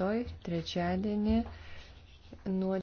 rytoj, trečiadienį, nuo